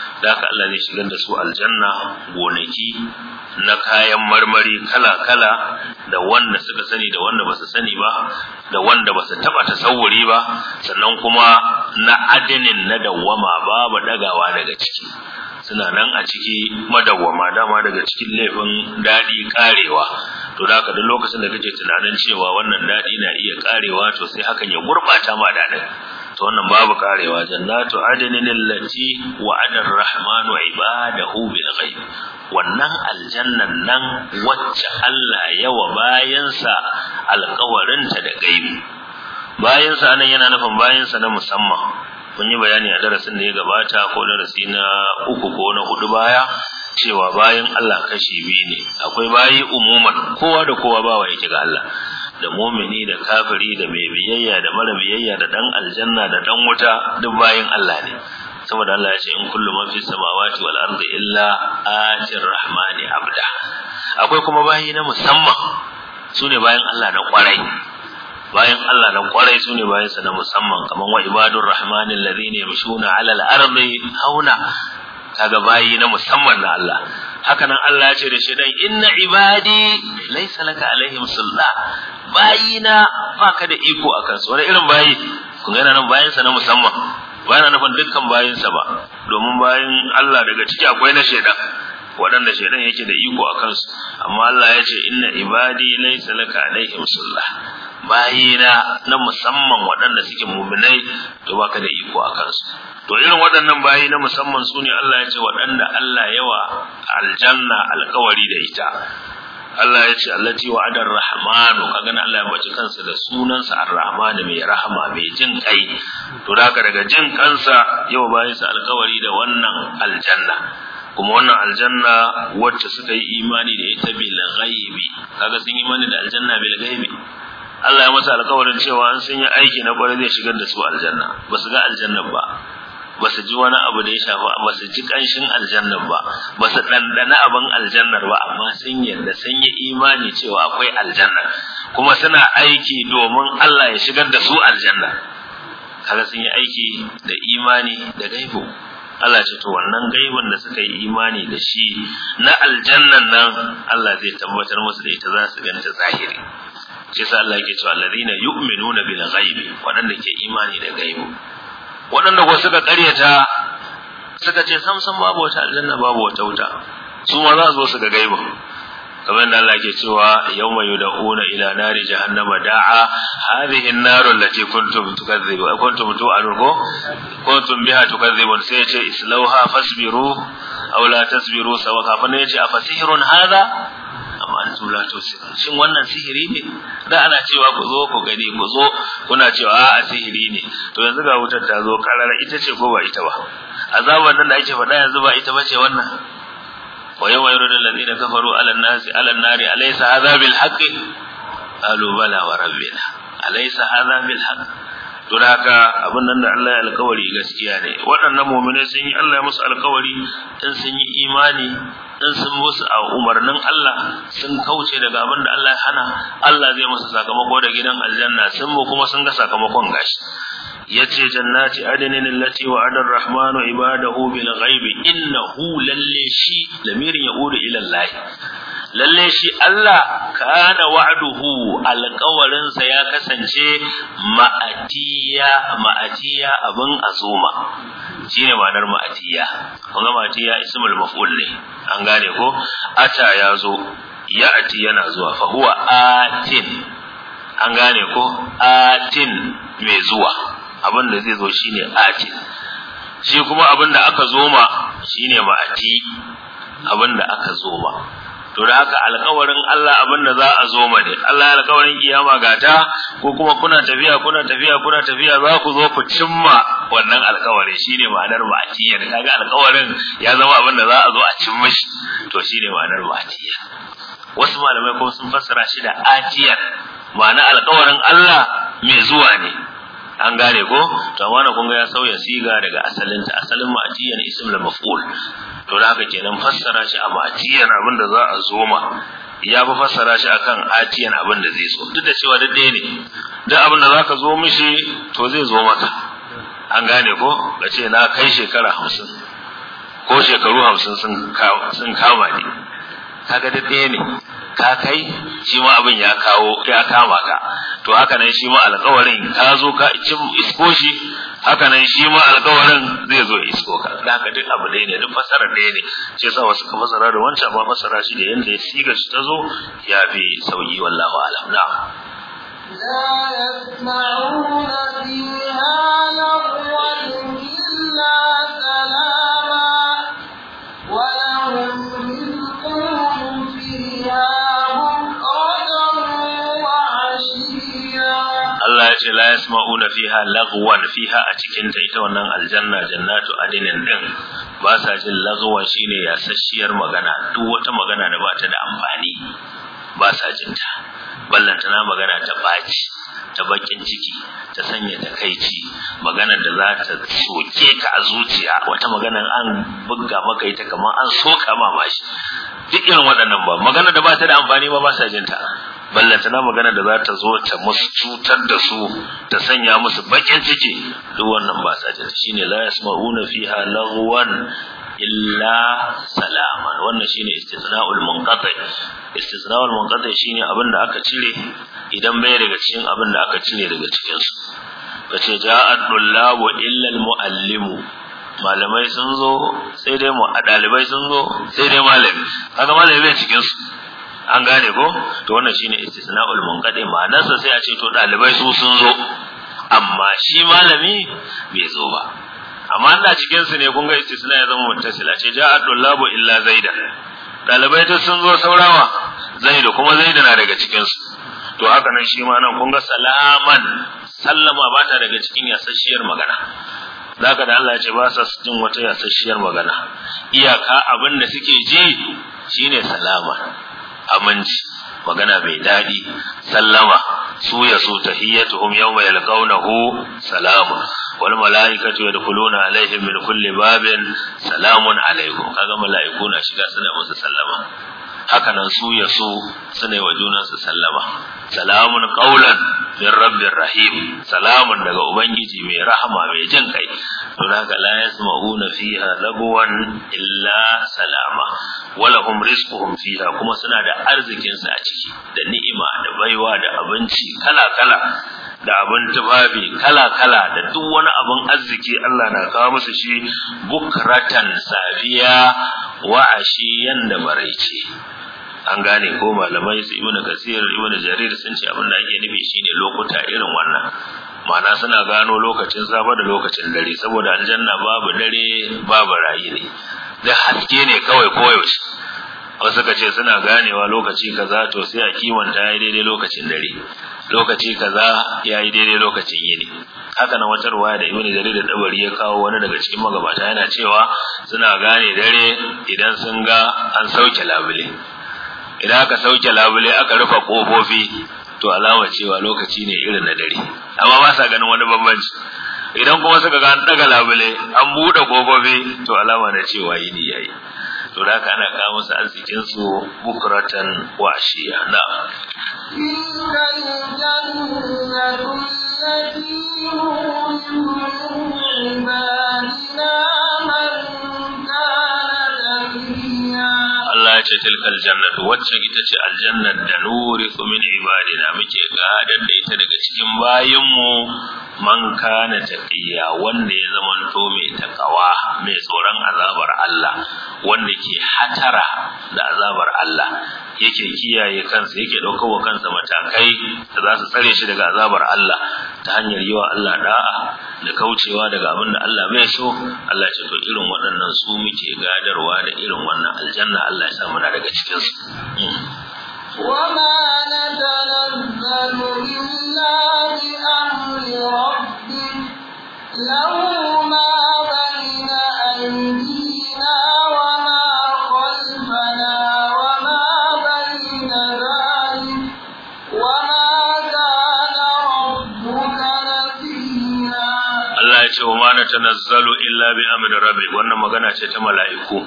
S2: da Allah zai shigar da su aljanna gonaki na kayan marmari kala-kala da wanda suka sani da wanda ba su sani ba da wanda ba su taba tasawuri ba sannan kuma na adinin na dawwama babu dagawa daga ciki suna nan a ciki madawwama dama daga cikin laifin daɗi ƙarewa. to da haka duk lokacin da kake tunanin cewa wannan daɗi na iya karewa to sai hakan ya gurɓata ma daɗin to wannan babu karewa jannatu adnin allati wa'ada ar-rahmanu ibadahu bil ghaib wannan aljannan nan wacce Allah ya yawa bayansa alƙawarinta da gaibi bayansa anan yana nufin bayansa na musamman kun yi bayani a darasin da ya gabata ko darasi na uku ko na hudu baya cewa bayan Allah kashi biyu ne akwai bayi umuman kowa da kowa bawa yake ga Allah da mumini da kafiri da mai biyayya da mara biyayya da dan aljanna da dan wuta duk bayin Allah ne saboda Allah ya ce in kullu man fi samawati wal ardi illa ajir rahmani abda akwai kuma bayi na musamman sune bayin Allah na kwarai bayan Allah na kwarai su ne sa na musamman kamar wa rahmanin lazina yamshuna alal ardi hauna kaga bayi na musamman na Allah haka nan Allah ya ce da shi dan inna ibadi laysa laka alaihim sulla
S1: bayina
S2: baka da iko akan su wani irin bayi kun ga nan bayin sa na musamman ba yana nufin dukkan bayin sa ba domin bayin Allah daga ciki akwai na shedan waɗanda shedan yake da iko akan su amma Allah ya ce inna ibadi laysa laka alaihim sulla bayina na musamman waɗanda suke muminai to baka da iko a kansu to irin waɗannan bayi na musamman su ne Allah ya ce waɗanda Allah yawa aljanna alkawari da ita Allah ya ce allati wa'adar rahmanu gani Allah ya bace kansa da sunansa ar-rahman mai rahama mai jin kai to daga daga jin kansa yau bayin sa alkawari da wannan aljanna kuma wannan aljanna wacce suka yi imani da ita bil ghaibi kaga sun imani da aljanna bil ghaibi Allah ya masa alƙawarin cewa an sun yi aiki na ƙwarai zai shigar da su aljanna ba su ga aljanna ba ba su ji wani abu da ya shafa ba su ji ƙanshin aljannan ba ba su ɗanɗana abin aljannar ba amma sun yarda sun yi imani cewa akwai aljanna kuma suna aiki domin Allah ya shigar da su aljanna kaga sun yi aiki da imani da gaibu Allah ce to wannan gaibin da suka yi imani da shi na aljannan nan Allah zai tabbatar musu da ita za su ganta zahiri shi sa Allah yake cewa alladhina yu'minuna bil ghaibi waɗanda ke imani da gaibu waɗanda ko suka ƙaryata suka ce sam sam babu wata aljanna babu wata wuta su ma za su zo su ga gaibu kamar da Allah ke cewa yawma yud'una ila nari jahannama da'a hadhihi an-nar allati kuntum tukazzibu kuntum tu'adun ko kuntum biha tukazzibun sai ce islauha fasbiru aw la tasbiru sawa kafin ya ce a fasihirun hadha rasulullah to shin wannan sihiri ne da ana cewa ku zo ku gani ku zo kuna cewa a'a sihiri ne to yanzu ga wutar ta zo karara ita ce ko ba ita ba azaban nan da ake faɗa yanzu ba ita ba ce wannan wa yawma yuridu alladhina kafaru ala an-nasi ala an-nari alaysa hadha bil haqqi qalu bala wa rabbina alaysa hadha bil haqqi don haka abin nan da Allah ya alkawari gaskiya ne waɗannan mu'minai sun yi Allah ya musu alkawari in sun yi imani dan sun musu a umarnin Allah sun kauce daga abin da Allah ya hana Allah zai musu sakamako da gidan aljanna sun mu kuma sun ga sakamakon gashi yace jannati adnin allati wa'ada ar-rahmanu ibadahu bil ghaibi innahu lalle shi lamirin yaudu ila Allah lalle shi Allah kana wa'duhu sa ya kasance ma'atiya ma'atiya abin azuma shine ma'anar ma'atiya kun ga ma'atiya ismul maf'ul ne an gane ko ata yazo ati yana zuwa fa huwa atin an gane ko atin mai zuwa abin da zai zo shine atin shi kuma abin da aka zoma shine ma'ati abin da aka zoma to da haka alkawarin Allah abin da za a zo ma ne Allah ya alkawarin kiyama gata ko kuma kuna tafiya kuna tafiya kuna tafiya za ku zo ku cimma wannan alkawari shine ma'anar wa'atiyya da kaga alkawarin ya zama abin da za a zo a cimma shi to shine ma'anar wa'atiyya wasu malamai kuma sun fassara shi da atiyar ma'ana alkawarin Allah mai zuwa ne an gane ko to amma na kunga ya sauya siga daga asalin ta asalin ma'tiyan ism la maf'ul to da haka kenan fassara shi a ma'tiyan abin da za a zoma ya fi fassara shi akan atiyan abin da zai so duk da cewa duk ne duk abin da zaka zo mishi to zai zo maka an gane ko ka ce na kai shekara hamsin ko shekaru hamsin sun kama ne kaga duk ne ka kai shi ma abin ya kawo ya kama ka to haka nan shi ma alƙawarin ka zo ka isko shi haka nan shi ma alƙawarin zai zo isko ka da haka duk abu ɗaya ne duk fasara ɗaya ne shi yasa wasu ka fasara da wancan ba, fasara shi da yanda sigar shi ta zo ya fi sauki wallahu alam na
S1: لا يسمعون فيها لغوا إلا ce la
S2: yasma'una fiha lagwan fiha a cikin ta ita wannan aljanna jannatu adinin din ba sa jin lagwa shine yasasshiyar magana duk wata magana da ba ta da amfani ba sa jin ta ballantana magana ta baci ta bakin ciki ta sanya takaici magana da za ta soke ka a zuciya wata magana an buga maka ita kamar an soka ma mashi duk irin waɗannan ba magana da ba ta da amfani ba ba sa jin ta ballantana magana da za ta zo ta musu cutar da su ta sanya musu bakin ciki duk wannan ba sa jin shine la yasma'una fiha lagwan illa salaman wannan shine istisna'ul munqati istisna'ul munqati shine abin da aka cire idan bai daga cikin abin da aka cire daga cikin su kace ja'at dullabu illa almuallimu malamai sun zo sai dai mu a ɗalibai sun zo sai dai malami kaga malami bai cikin su an gane ko to wannan shine istisna'ul munqadi sa sai a ce to dalibai su sun zo amma shi malami bai zo ba amma ina cikin su ne kun ga istisna ya zama a ce ja'a dullabu illa zaida dalibai ta sun zo saurawa zaida kuma zaida na daga cikin su to haka nan shi ma nan kun ga salaman sallama ba ta daga cikin yasasshiyar magana zaka da Allah ya ce ba sa jin wata yasasshiyar magana iyaka abin da suke ji shine salama aminci magana mai daɗi sallama su ya su tahiyyatuhum yawma yalqawnahu salama wal malaikatu yadkhuluna alaihim min kulli babin salamun alaikum kaga malaiku na shiga suna masa sallama haka nan su ya so su ne wa junansu sallama salamun qaulan min rabbir rahim salamun daga ubangiji mai rahama mai jin kai to haka la yasma'una fiha lagwan illa salama walahum rizquhum fiha kuma suna da arzikin su a ciki da ni'ima da baiwa da abinci kala kala da abin tufafi kala-kala da duk wani abin arziki Allah na kawo musu shi bukratan safiya wa ashiyan da maraice an gane ko malamai su ibnu kasir ibnu jarir sun ce abin da ake nufi shine lokuta irin wannan mana suna gano lokacin safa da lokacin dare saboda aljanna babu dare babu rayi ne da haske ne kawai koyaushe wasu ka ce suna ganewa lokaci kaza to sai a kiwon ta yi daidai lokacin dare lokaci kaza ya yi daidai lokacin yini haka na wata ruwaya da yuni, jarir da dabari ya kawo wani daga cikin magabata yana cewa suna gane dare idan sun ga an sauke labule idan aka sauke labule aka rufe kofofi to alama cewa lokaci ne irin na dare amma ba sa ganin wani bambanci idan kuma suka ga an daga labule an buɗe kofofi to alama na cewa yini yayi to da kana kawo musu arzikin su bukratan wa
S1: ashiya na Thank you.
S2: ce tilkal jannatu wacce ita ce aljannar da su min ibadina muke gadar da ita daga cikin bayinmu man kana taqiya wanda ya zama zamanto mai takawa mai tsoron azabar Allah wanda ke hatara da azabar Allah yake kiyaye kansa yake ɗaukar wa kansa matakai da za su tsare shi daga azabar Allah ta hanyar yi wa Allah da'a da kaucewa daga abin da Allah bai so Allah ce to irin waɗannan su muke gadarwa da irin wannan aljanna Allah ya sa muna daga cikin su
S1: وما نتنزل إلا بأمر ربك له ما بين أيدينا
S2: ce wa mana tanazzalu illa bi amri rabbi wannan magana ce ta mala'iku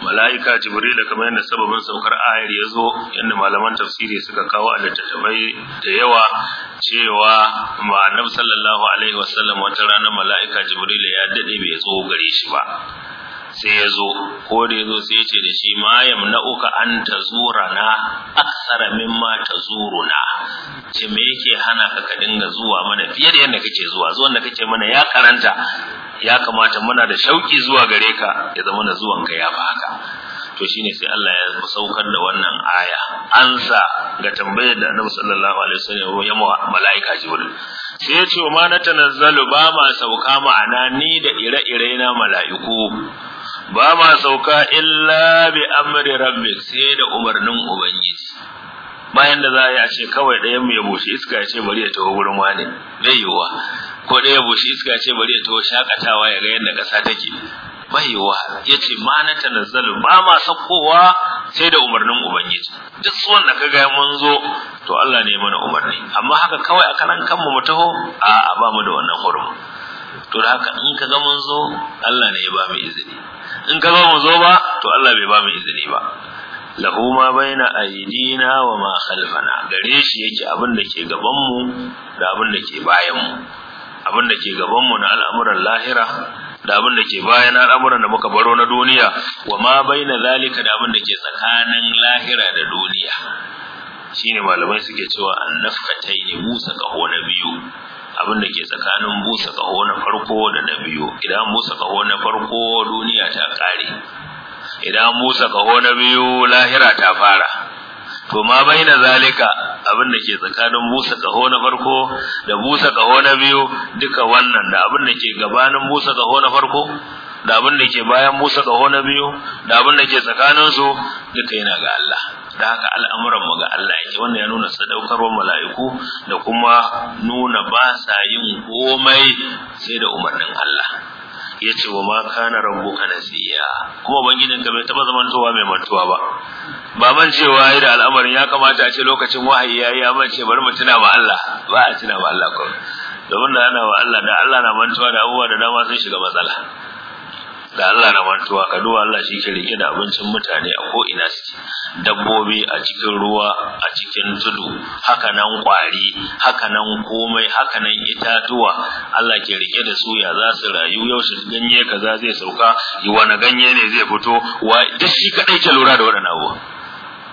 S2: mala'ika jibril kamar yadda sababin saukar ayar ya zo yadda malaman tafsiri suka kawo a littattafai da yawa cewa ma'anar sallallahu alaihi wasallam wata ranar mala'ika jibril ya dade bai zo gare shi ba sai ya zo ko da ya zo sai ya ce da shi ma yamna'uka an na aksara mimma tazuruna ce me yake hana ka ka dinga zuwa mana fiye da yadda kake zuwa zuwan da kake mana ya karanta ya kamata muna da shauki zuwa gare ka ya zama na zuwan ka ya baka to shine sai Allah ya saukar da wannan aya ansa ga tambayar da Annabi sallallahu alaihi wasallam ya mu malaika Jibril sai ya ce ma na tanazzalu ba ma sauka ma'ana ni da ire-ire na mala'iku ba ma sauka illa bi amri rabbi sai da umarnin ubangiji bayan da za a yi a ce kawai ɗayan mu ya bushe iska ya ce bari ya taho wurin wani bai yiwuwa ko ɗaya bushe iska ya ce bari ya taho shakatawa ya ga yadda ƙasa take bai yiwuwa ya ce ma na tanazzalu ba ma saukowa sai da umarnin ubangiji duk tsohon da ka ga mun zo to Allah ne mana umarni amma haka kawai a kanan kanmu mu taho a'a ba mu da wannan hurma to da haka in ka ga mun zo Allah ne ya ba mu izini in ka zama mu zo ba to Allah bai ba mu izini ba lahu ma baina aydina wa ma khalfana gare shi yake abin da ke gaban mu da abin da ke bayan mu abin da ke gaban mu na al'amuran lahira da abin da ke bayan al'amuran da muka baro na duniya wa ma baina zalika da abin da ke tsakanin lahira da duniya shine malamai suke cewa annafataini musa kaho na biyu abin da ke tsakanin busa kaho na farko da na biyu idan busa kaho na farko duniya ta kare idan busa kaho na biyu lahira ta fara to ma baina zalika abin da ke tsakanin busa kaho na farko da busa kaho na biyu duka wannan da abin da ke gabanin busa kaho na farko da abin da yake bayan Musa kaho na biyu da abin da yake tsakanin su duka yana ga Allah da haka al'amuran mu ga Allah yake wannan ya nuna sadaukarwar mala'iku da kuma nuna ba sa yin komai sai da umarnin Allah yace wa ma kana rabbuka nasiya kuma ubangijinka bai taba zamantowa mai mantuwa ba ba man cewa ai da al'amarin ya kamata a ce lokacin wahayi ya yi ya mace bari mu tuna ma Allah ba a tuna ma Allah ko domin da ana wa Allah da Allah na mantuwa da abubuwa da dama sun shiga matsala Da Allah na mantuwa ka duba Allah shi ke rike da abincin mutane a ko ina suke dabbobi a cikin ruwa a cikin tudu haka nan kwari haka nan komai haka nan itatuwa Allah ke rike da su ya za su rayu yau shi ganye kaza zai sauka wani ganye ne zai fito wa duk shi kadai ke lura da waɗannan uwa.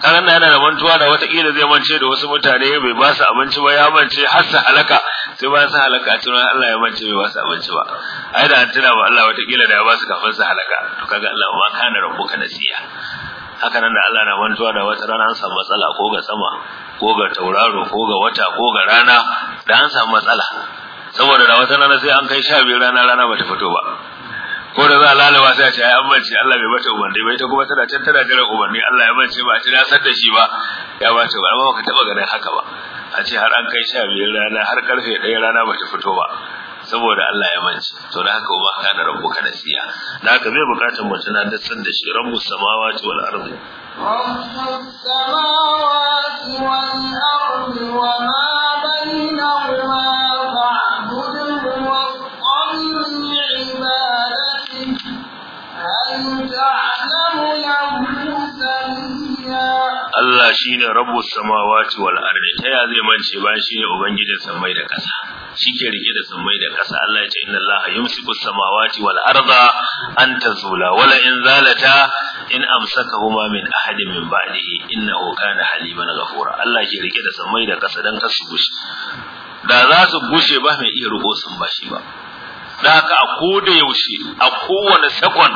S2: karan yana da mantuwa da wata kila zai mance da wasu mutane bai ba su abinci ba ya mance har su halaka sai ba su halaka a tunan Allah ya mance bai ba su abinci ba ai da tuna ba Allah wata kila da ya ba su kafin su halaka to kaga Allah ma kana rabbuka nasiya haka nan da Allah na mantuwa da wata rana an samu matsala ko ga sama ko ga tauraro ko ga wata ko ga rana da an samu matsala saboda da wata rana sai an kai sha biyu rana rana ba ta fito ba ko da za a lalawa sai a ce ai an mance Allah bai bata umarni ba ta kuma tana can tana umarni Allah ya mance ba a na san da shi ba ya bata ba amma baka taba ganin haka ba a ce har an kai sha biyar rana har karfe ɗaya rana bata fito ba saboda Allah ya mance to da haka ba kana rabbuka siya. da haka bai bukatar mu na da san da shi rabbu samawati wal ardi
S1: rabbu samawati wal ardi wa ma bainahu
S2: shine rabbus samawati wal ardi ta zai mance bayan shine ubangijin samai da kasa shike rike da samai da kasa Allah ya ce inna Allah yumsiku samawati wal arda an tazula wala in zalata in amsakahuma min ahadin min ba'dihi innahu kana haliman ghafura Allah ke rike da samai da kasa dan kasu gushe da za su gushe ba mai iya rubo sun ba shi ba da haka a koda yaushe a kowane sakon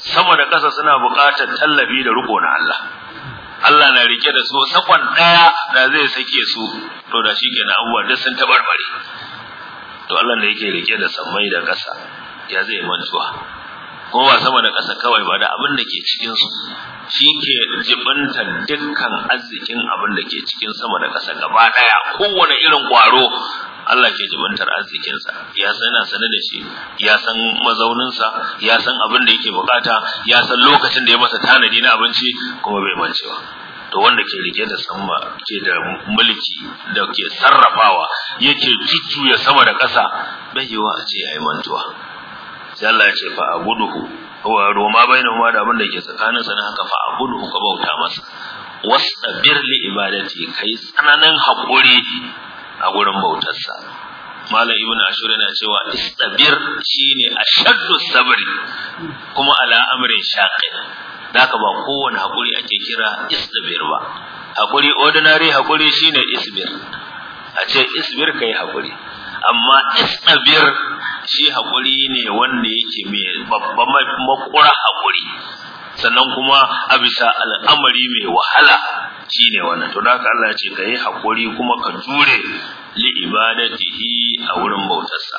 S2: sama da kasa suna buƙatar tallafi da riko na Allah Allah na rike da su sakon daya da zai sake su to da shi shikenan abubuwa duk sun tabarbare to Allah ne yake rike da samai da ƙasa ya zai mantuwa ko ba sama da ƙasa kawai ba da abin da ke cikin su shi ke jibinta dukkan arzikin abin da ke cikin sama da ƙasa gaba ɗaya kowane irin ƙwaro Allah ke jimantar arzikinsa ya san yana sane da shi ya san mazauninsa ya san abin da yake bukata ya san lokacin da ya masa tanadi na abinci kuma bai mance ba to wanda ke rike da sama ke da mulki da ke sarrafawa yake ya sama da ƙasa bai yiwa a ce ya yi mantuwa sai Allah ya ce fa abuduhu wa roma na da abin da ke tsakanin sa na haka fa abuduhu ka bauta masa wasta birli ibadati kai tsananin haƙuri a gurin bautarsa malam ibn ashur yana cewa istabir shine ashaddu sabri kuma ala amrin shaqin daka ba kowane hakuri ake kira istabir ba hakuri ordinary hakuri shine isbir a ce isbir kai hakuri amma istabir shi hakuri ne wanda yake mai babban makura hakuri sannan kuma a bisa al'amari mai wahala ne wannan to da haka Allah ya ce kai hakuri kuma ka jure li ibadatihi a wurin bautarsa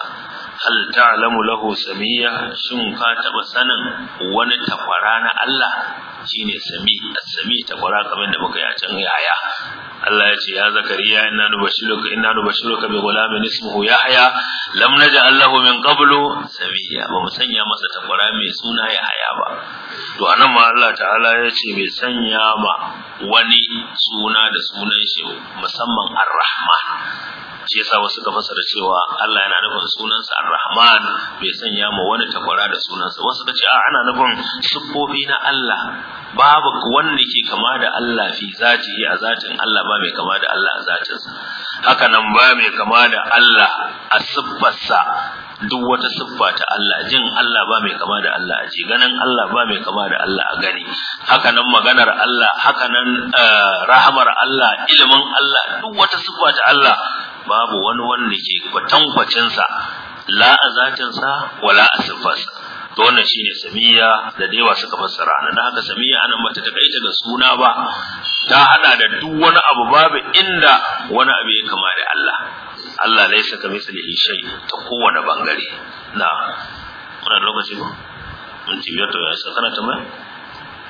S2: hal ta'lamu lahu samiya shin ka taba sanin wani takwara na Allah shine sami sami ta kwara kamar da muka yi a can Allah ya ce ya zakariya inna nubashiruka inna nubashiruka bi ghulamin ismuhu yahya lam naj'al lahu min qablu sabiya ba mu sanya masa takwara mai suna yahya ba to anan ma Allah ta'ala ya ce bai sanya ba wani suna da sunan shi musamman ar-rahman shi yasa wasu ka fasara cewa Allah yana nufin sunansa Ar-Rahman bai sanya mu wani takwara da sunansa wasu ka ce a ana nufin siffofi na Allah babu wanda ke kama da Allah fi zatihi a zatin Allah ba mai kama da Allah a zatinsa haka nan ba mai kama da Allah a siffarsa duk wata siffa ta Allah jin Allah ba mai kama da Allah a ji ganin Allah ba mai kama da Allah a gani haka nan maganar Allah haka nan eh, rahamar Allah ilimin Allah duk wata siffa ta Allah babu wani wanda ke kwatankwacin sa la a zatin sa wala a siffarsa to wannan shine samiya da dewa suka fassara nan da haka samiya anan bata takaita ga suna ba ta hada da duk wani abu babu inda wani abu ya kama da Allah Allah laisa ka mislihi shay ta kowane bangare na wannan lokaci ba mun ci tibiyar to ya kana tambaya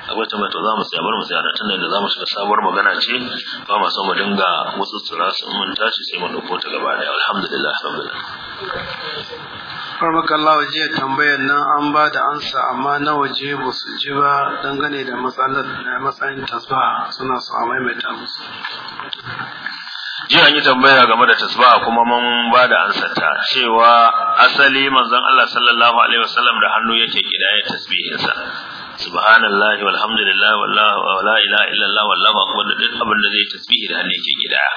S2: akwai tambaya to za mu tsaya bar mu tsaya da tunda da za mu shiga sabuwar magana ce ba ma son mu dinga wasu tsura su mun tashi sai mu dauko ta gaba da alhamdulillah rabbil
S1: alamin Allah waje tambayar nan an ba da ansa amma na waje ba su ji ba dangane da matsalar eh, matsayin tasba suna so a maimaita musu
S2: jiya an yi tambaya game da tasba kuma mun ba da ansarta cewa asali manzon Allah sallallahu alaihi wasallam da hannu yake kidaya tasbihinsa subhanallah walhamdulillah wallahu la ilaha illallah wallahu akbar da duk abin da zai tasbihi da hannu yake kidaya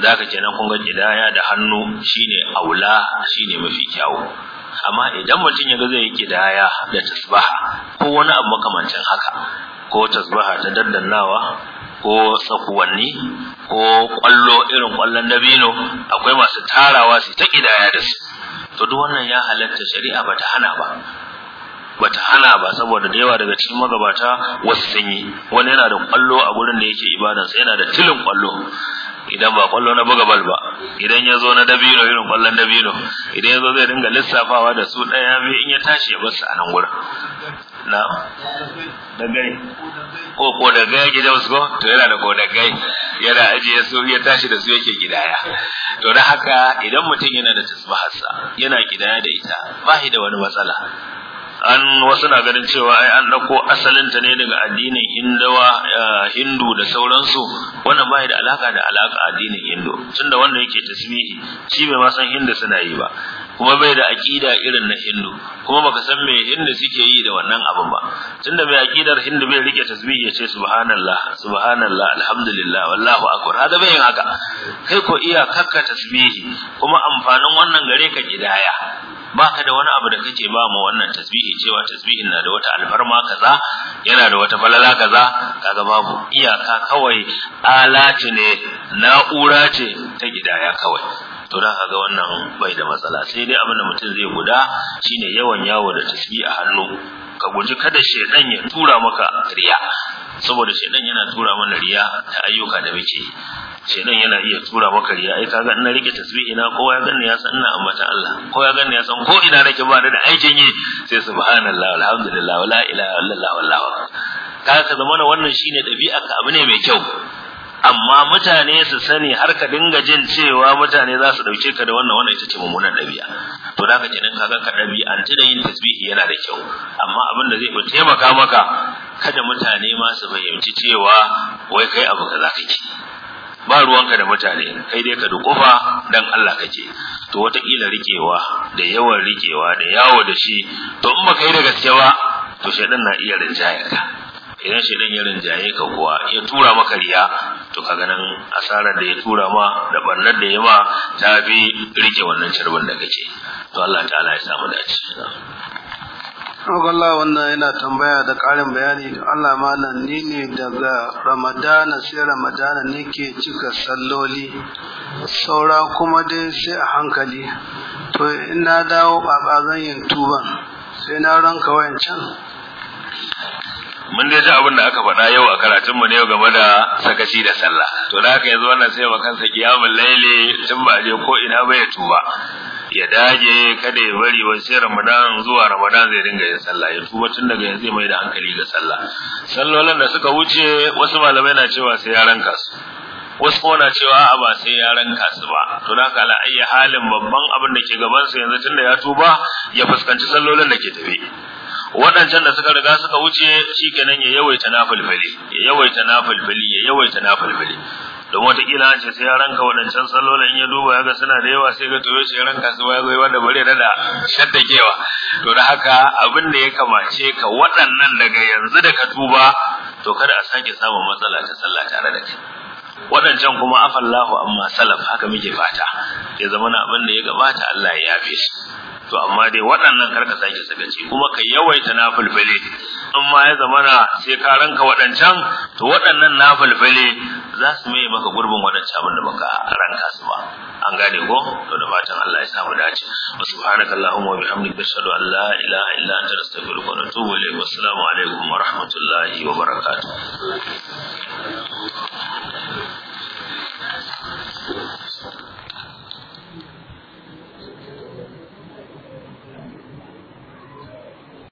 S2: zaka kenan kun ga kidaya da hannu shine aula shine mafi kyau amma idan mutum yaga zai yi kidaya da tasbaha ko wani abu makamancin haka ko tasbaha ta daddannawa ko tsakuwanni ko kwallo irin kwallon dabino akwai masu tarawa su ta kidaya da su to duk wannan ya halatta shari'a bata hana ba bata hana ba saboda da yawa daga cikin magabata wasu sun yi wani yana da kwallo a gurin da yake ibadansa yana da tilin kwallo idan ba kwallo na buga bal ba idan ya zo na dabino irin kwallon dabino idan ya zo zai dinga lissafawa da su ɗaya biyu in ya tashi ya basu a nan gurin na dagai ko ko dagai gida wasu ko to yana da ko dagai yana ajiye su ya tashi da su yake gidaya to da haka idan mutum yana da tasbaharsa yana gidaya da ita ba da wani matsala an wasu na ganin cewa ai an dauko asalin ta ne daga addinin Hindawa eh, Hindu da sauransu wannan bai da alaka da alaka addinin Hindu tunda wanda yake tasbihi shi bai ma san Hindu suna yi ba kuma bai da aqida irin na Hindu kuma baka san me Hindu suke yi da wannan abin ba tunda mai aqidar Hindu bai rike tasbihi ya ce subhanallah subhanallah alhamdulillah wallahu akbar haka bai yin haka kai ko iya kakka tasbihi kuma amfanin wannan gare ka gidaya baka da wani abu da kake ba mu wannan tasbihi cewa tasbihin na da wata alfarma kaza yana da wata balala kaza kaga babu iyaka kawai alati ne na'ura ce ta gidaya kawai to da kaga wannan bai da matsala sai dai abin da mutum zai guda shine yawan yawo da tasbihi a hannu ka guji kada shedan ya tura maka riya saboda shedan yana tura mana riya ta ayyuka da muke shedan yana iya tura maka riya ai kaga ina rike tasbihi na kowa ya ganni ya san ina ta Allah kowa ya ganni ya san ko ina nake ba da aikin yi sai subhanallah alhamdulillah wala ilaha illallah wallahu kaga ka zama wannan shine dabi'a ka abu ne mai kyau amma mutane su sani har ka dinga jin cewa mutane za su dauke ka da wannan wannan ita ce mummunan dabi'a to da ka kenan kaga ka dabi'anci da yin tasbihi yana da kyau amma abin da zai taimaka maka kada mutane ma su fahimci cewa wai kai abu kaza kake ba ruwanka da mutane kai dai ka dukufa dan Allah kake to wata wataƙila rikewa da yawan rikewa da yawo da shi to in baka kai da gaske ba to shedan na iya rinjaye ka idan shedan ya rinjaye ka kuwa ya tura maka riya to kaga nan asarar da ya tura ma da barnar da ya ma ta fi rike wannan carbin da kake to Allah ta'ala ya samu dace
S1: Allah wannan yana tambaya da ƙarin bayani Allah malam ni ne daga Ramadana sai Ramadana nake cika salloli saura kuma dai sai a hankali to in na dawo baba zan yi tuban sai na ranka wancan.
S2: mun dai abin da aka faɗa yau a karatunmu na yau game da sakaci da sallah to da haka yanzu wannan sai wa kansa kiyamul laili tun ba je ko ina ba tuba ya dage kada ya bari wa sai Ramadan zuwa Ramadan zai dinga yin sallah ya tuba tun daga yanzu mai da hankali ga sallah sallolin da suka wuce wasu malamai na cewa sai yaran kasu wasu kuma na cewa a ba sai yaran kasu ba to da haka ala'ayya halin babban abin da ke gaban sa yanzu tunda ya tuba ya fuskanci sallolin da ke tafi waɗancan da suka riga suka wuce shikenan ya yawaita nafilfili ya yawaita nafilfili ya yawaita nafilfili wata kila ce sai ya ranka wadancan sallolin ya duba ya ga suna da yawa sai ga to yace ranka su ya goyi wanda bare da da shaddakewa to da haka abin da ya kamace ka waɗannan daga yanzu da ka tuba to kada a sake samun matsala ta sallah tare da kai waɗancan kuma afallahu amma salaf haka muke fata ya zama na abin da ya gabata Allah ya yafe shi to amma dai waɗannan karka sake sagaci kuma ka yawaita na in ma ya zamana sai ka ranka waɗancan to waɗannan na falfale za su mai maka gurbin waɗancan abin da baka ranka su ba an gane ko to da fatan Allah ya samu dace wa subhanaka allahumma wa bihamdika ashhadu an la ilaha illa anta astaghfiruka wa atubu ilayk wa assalamu alaikum wa rahmatullahi wa barakatuh